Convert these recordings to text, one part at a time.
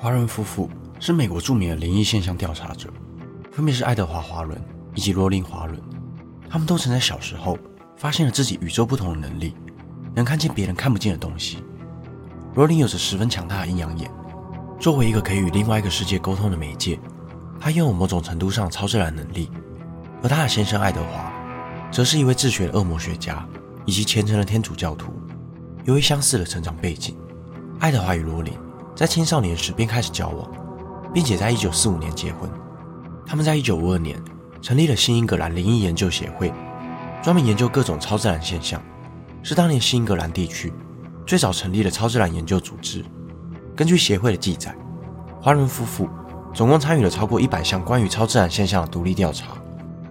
華倫夫婦是美國著名的靈異現象調查者，分別是愛德華·華倫以及羅琳華倫。他們都曾在小時候發現了自己與眾不同的能力，能看見別人看不見的東西。羅琳有着十分強大的陰陽眼，作為一個可以與另外一個世界溝通的媒介，她擁有某種程度上超自然能力。而她的先生愛德華，則是一位自學的惡魔學家以及虔誠的天主教徒。由於相似的成長背景，愛德華與羅琳，在青少年時便開始交往，並且在一九四五年結婚。他們在一九五二年成立了新英格蘭靈異研究協會，專門研究各種超自然現象，是當年新英格蘭地區最早成立的超自然研究組織。根據協會的記載，華倫夫婦總共參與了超過一百項關於超自然現象的獨立調查。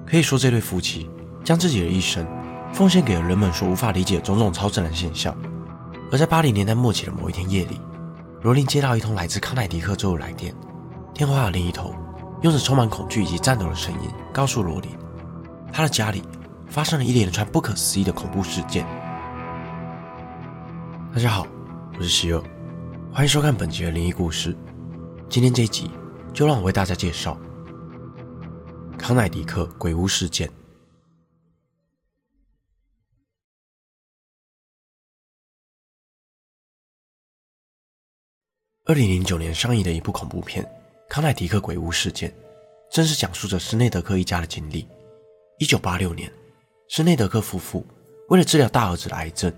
可以說，這對夫妻將自己的一生奉獻給了人們所無法理解的種種超自然現象。而在八零年代末期的某一天夜裡。羅琳接到一通來自康乃狄克州的來電，電話的另一頭用着充滿恐懼以及顫抖的聲音告訴羅琳，她的家裡發生了一連串不可思議的恐怖事件。大家好，我是希爾，歡迎收看本集的靈異故事。今天這集就讓我為大家介紹康乃狄克鬼屋事件。二零零九年上映的一部恐怖片《康乃狄克鬼屋事件》，正是講述着施內德克一家的經歷。一九八六年，施內德克夫婦為了治療大兒子的癌症，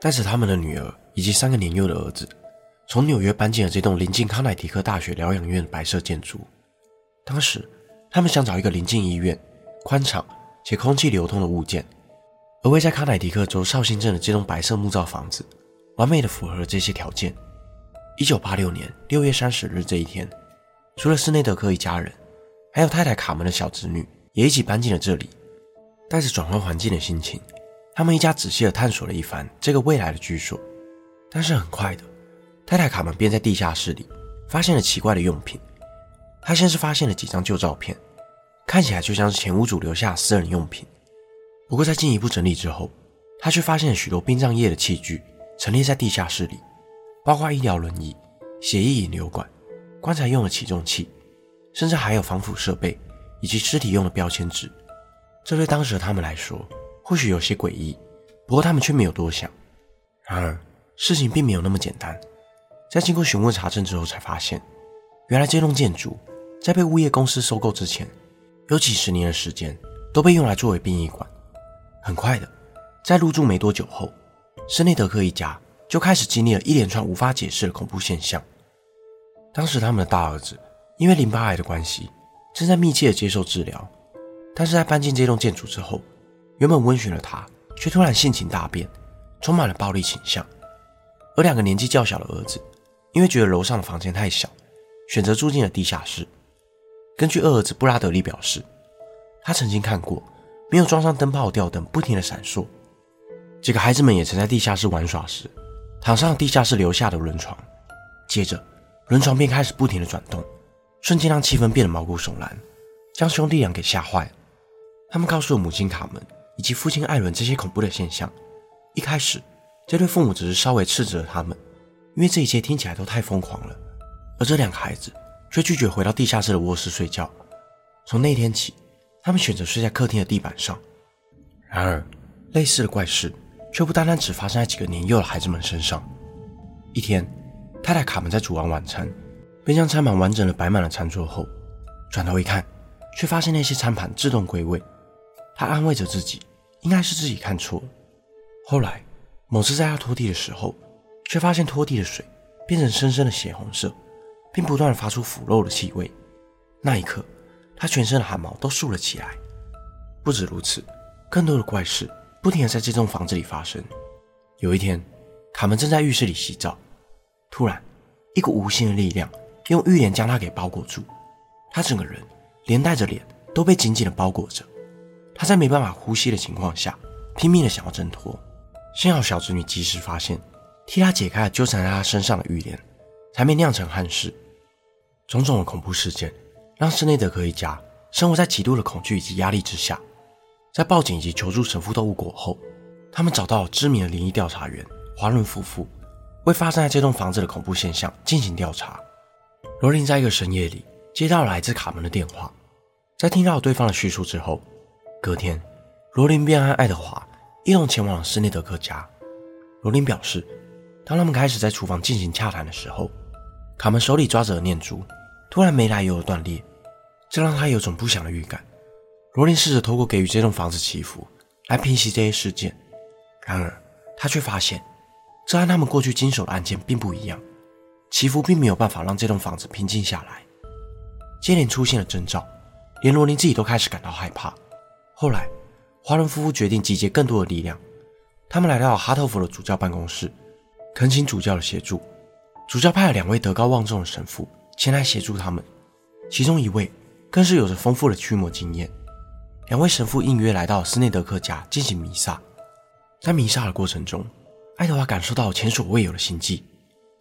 帶着他們的女兒以及三個年幼的兒子，從紐約搬進了這棟臨近康乃狄克大學療養院的白色建築。當時，他們想找一個臨近醫院、寬敞且空氣流通的物件，而位在康乃狄克州紹興鎮的這棟白色木造房子，完美的符合了這些條件。一九八六年六月三十日這一天，除了斯內德克一家人，還有太太卡門的小侄女也一起搬進了這裡。帶着轉換環境的心情，他們一家仔細地探索了一番這個未來的居所。但是很快的，太太卡門便在地下室裡發現了奇怪的用品。他先是發現了幾張舊照片，看起來就像是前屋主留下的私人用品。不過在進一步整理之後，他卻發現了許多殯葬業的器具陳列在地下室裡。包括醫療輪椅、血液引流管、棺材用的起重器，甚至還有防腐設備以及屍體用的標籤紙，這對當時的他們來說或許有些詭異，不過他們卻沒有多想。然而事情並沒有那麼簡單，在經過詢問查證之後，才發現原來這棟建築在被物業公司收購之前，有幾十年的時間都被用來作為殯儀館。很快的，在入住沒多久後，施內德克一家。就開始經歷了一連串無法解釋的恐怖現象。當時他們的大兒子因為淋巴癌的關係，正在密切的接受治療。但是在搬進這棟建築之後，原本溫順的他卻突然性情大變，充滿了暴力傾向。而兩個年紀較小的兒子，因為覺得樓上的房間太小，選擇住進了地下室。根據二兒子布拉德利表示，他曾經看過沒有裝上燈泡的吊燈不停的閃爍。幾個孩子們也曾在地下室玩耍時，躺上地下室留下的輪床，接着輪床便開始不停地轉動，瞬間讓氣氛變得毛骨悚然，將兄弟倆給嚇壞了。他們告訴了母親卡門以及父親艾倫這些恐怖的現象。一開始，這對父母只是稍微斥責了他們，因為這一切聽起來都太瘋狂了。而這兩個孩子卻拒絕回到地下室的臥室睡覺，從那天起，他們選擇睡在客廳的地板上。然而，啊，類似的怪事，卻不單單只發生在幾個年幼的孩子們身上。一天，太太卡門在煮完晚餐，並將餐盤完整的擺滿了餐桌後，轉頭一看，卻發現那些餐盤自動歸位。她安慰着自己，應該是自己看錯了。後來，某次在她拖地的時候，卻發現拖地的水變成深深的血紅色，並不斷發出腐肉的氣味。那一刻，她全身的汗毛都豎了起來。不止如此，更多的怪事，不停地在這棟房子裡發生。有一天，卡門正在浴室裡洗澡，突然，一股無形的力量用浴簾將她給包裹住，她整個人連帶着臉都被緊緊的包裹着。她在沒辦法呼吸的情況下，拼命地想要掙脫。幸好小侄女及時發現，替她解開了糾纏在她身上的浴簾，才沒釀成憾事。種種的恐怖事件，讓施內德一家生活在極度的恐懼以及壓力之下。在報警以及求助神父都無果後，他們找到了知名的靈異調查員華倫夫婦，為發生在這棟房子的恐怖現象進行調查。羅琳在一個深夜裡接到來自卡門的電話，在聽到對方的敘述之後，隔天羅琳便和愛德華一同前往了斯內德克家。羅琳表示，當他們開始在廚房進行洽談的時候，卡門手裡抓着的念珠突然沒來由的斷裂，這讓他有種不祥的預感。羅琳試着透過給予這棟房子祈福來平息這些事件，然而她卻發現這和他們過去經手的案件并不一樣。祈福并沒有辦法讓這棟房子平靜下來，接連出現了徵兆，連羅琳自己都開始感到害怕。後來，華倫夫婦決定集結更多的力量，他們來到了哈特福的主教辦公室，懇請主教的協助。主教派了兩位德高望重的神父前來協助他們，其中一位更是有着豐富的驅魔經驗。兩位神父應約來到斯內德克家進行彌撒，在彌撒的過程中，愛德華感受到前所未有的心悸，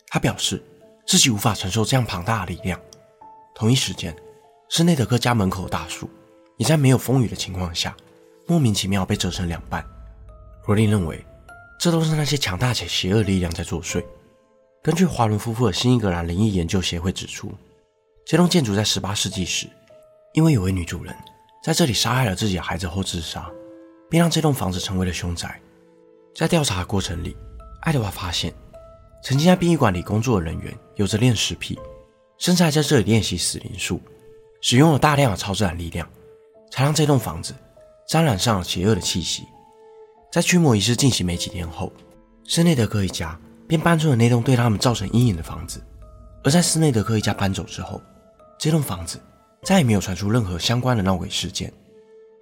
他表示自己無法承受這樣龐大的力量。同一時間，斯內德克家門口的大樹也在沒有風雨的情況下，莫名其妙被折成兩半。羅琳認為，這都是那些強大且邪惡力量在作祟。根據華倫夫婦的新英格蘭靈異研究協會指出，這棟建築在18世紀時，因為有位女主人。在這裡殺害了自己的孩子後自殺，並讓這棟房子成為了凶宅。在調查的過程裡，愛德華發現，曾經在殯儀館裡工作的人員有着戀屍癖，甚至還在這裡練習死靈術，使用了大量的超自然力量，才讓這棟房子沾染上了邪惡的氣息。在驅魔儀式進行沒幾天後，施內德克一家便搬出了那棟對他們造成陰影的房子。而在施內德克一家搬走之後，這棟房子再也沒有傳出任何相關的鬧鬼事件，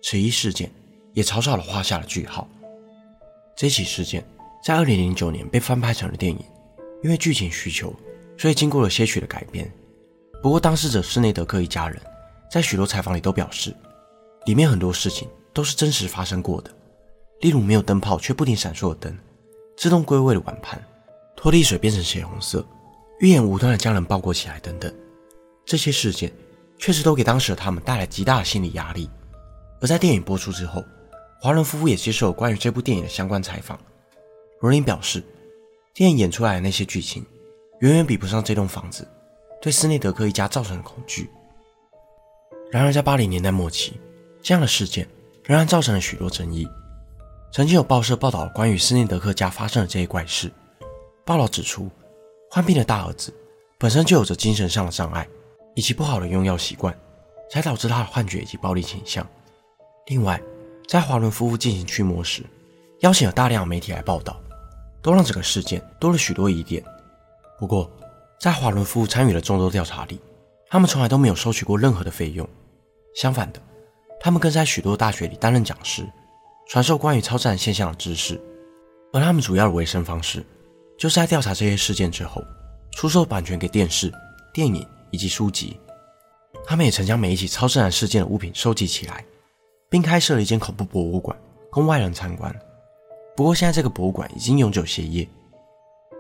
此一事件也草草地畫下了句號。這起事件在二零零九年被翻拍成了電影，因為劇情需求，所以經過了些許的改編。不過，當事者斯內德克一家人在許多採訪裡都表示，裡面很多事情都是真實發生過的，例如沒有燈泡卻不停閃爍的燈、自動歸位的碗盤、拖地水變成血紅色、預言無端的將人包裹起來等等，這些事件。確實都給當時的他們帶來極大的心理壓力。而在電影播出之後，華倫夫婦也接受了關於這部電影的相關採訪。羅琳表示，電影演出來的那些劇情，遠遠比不上這棟房子對斯內德克一家造成的恐懼。然而，在八零年代末期，這樣的事件仍然造成了許多爭議。曾經有報社報道關於斯內德克家發生的這些怪事，報道指出，患病的大兒子本身就有着精神上的障礙。以及不好的用藥習慣，才導致他的幻覺以及暴力傾向。另外，在華倫夫婦進行驅魔時，邀請了大量媒體來報道，都讓整個事件多了許多疑點。不過，在華倫夫婦參與的眾多調查裡，他們從來都沒有收取過任何的費用。相反的，他們更在許多大學裡擔任講師，傳授關於超自然現象的知識。而他們主要的維生方式，就是在調查這些事件之後，出售版權給電視、電影。以及書籍，他們也曾將每一起超自然事件的物品收集起來，並開設了一間恐怖博物館供外人參觀。不過，現在這個博物館已經永久歇業。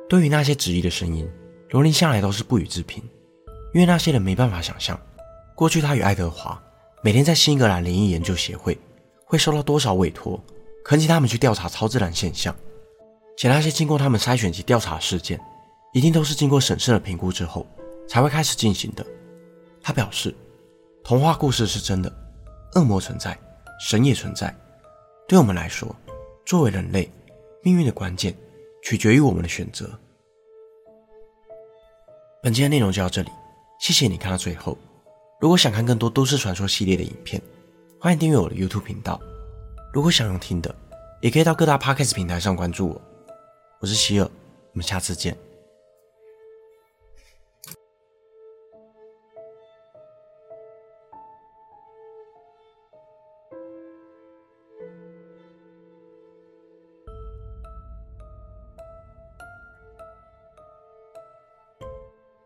對於那些質疑的聲音，羅琳向來都是不予置評，因為那些人沒辦法想象，過去他與愛德華每天在新英格蘭靈異研究協會會受到多少委托，懇請他們去調查超自然現象，且那些經過他們篩選及調查的事件，一定都是經過審慎的評估之後才會開始進行的。他表示，童話故事是真的，惡魔存在，神也存在。對我們來說，作為人類，命運的關鍵取決於我們的選擇。本期的內容就到這裡，謝謝你看到最後。如果想看更多都市傳說系列的影片，歡迎訂閱我的 YouTube 頻道。如果想用聽的，也可以到各大 Podcast 平台上關注我。我是希爾，我們下次見。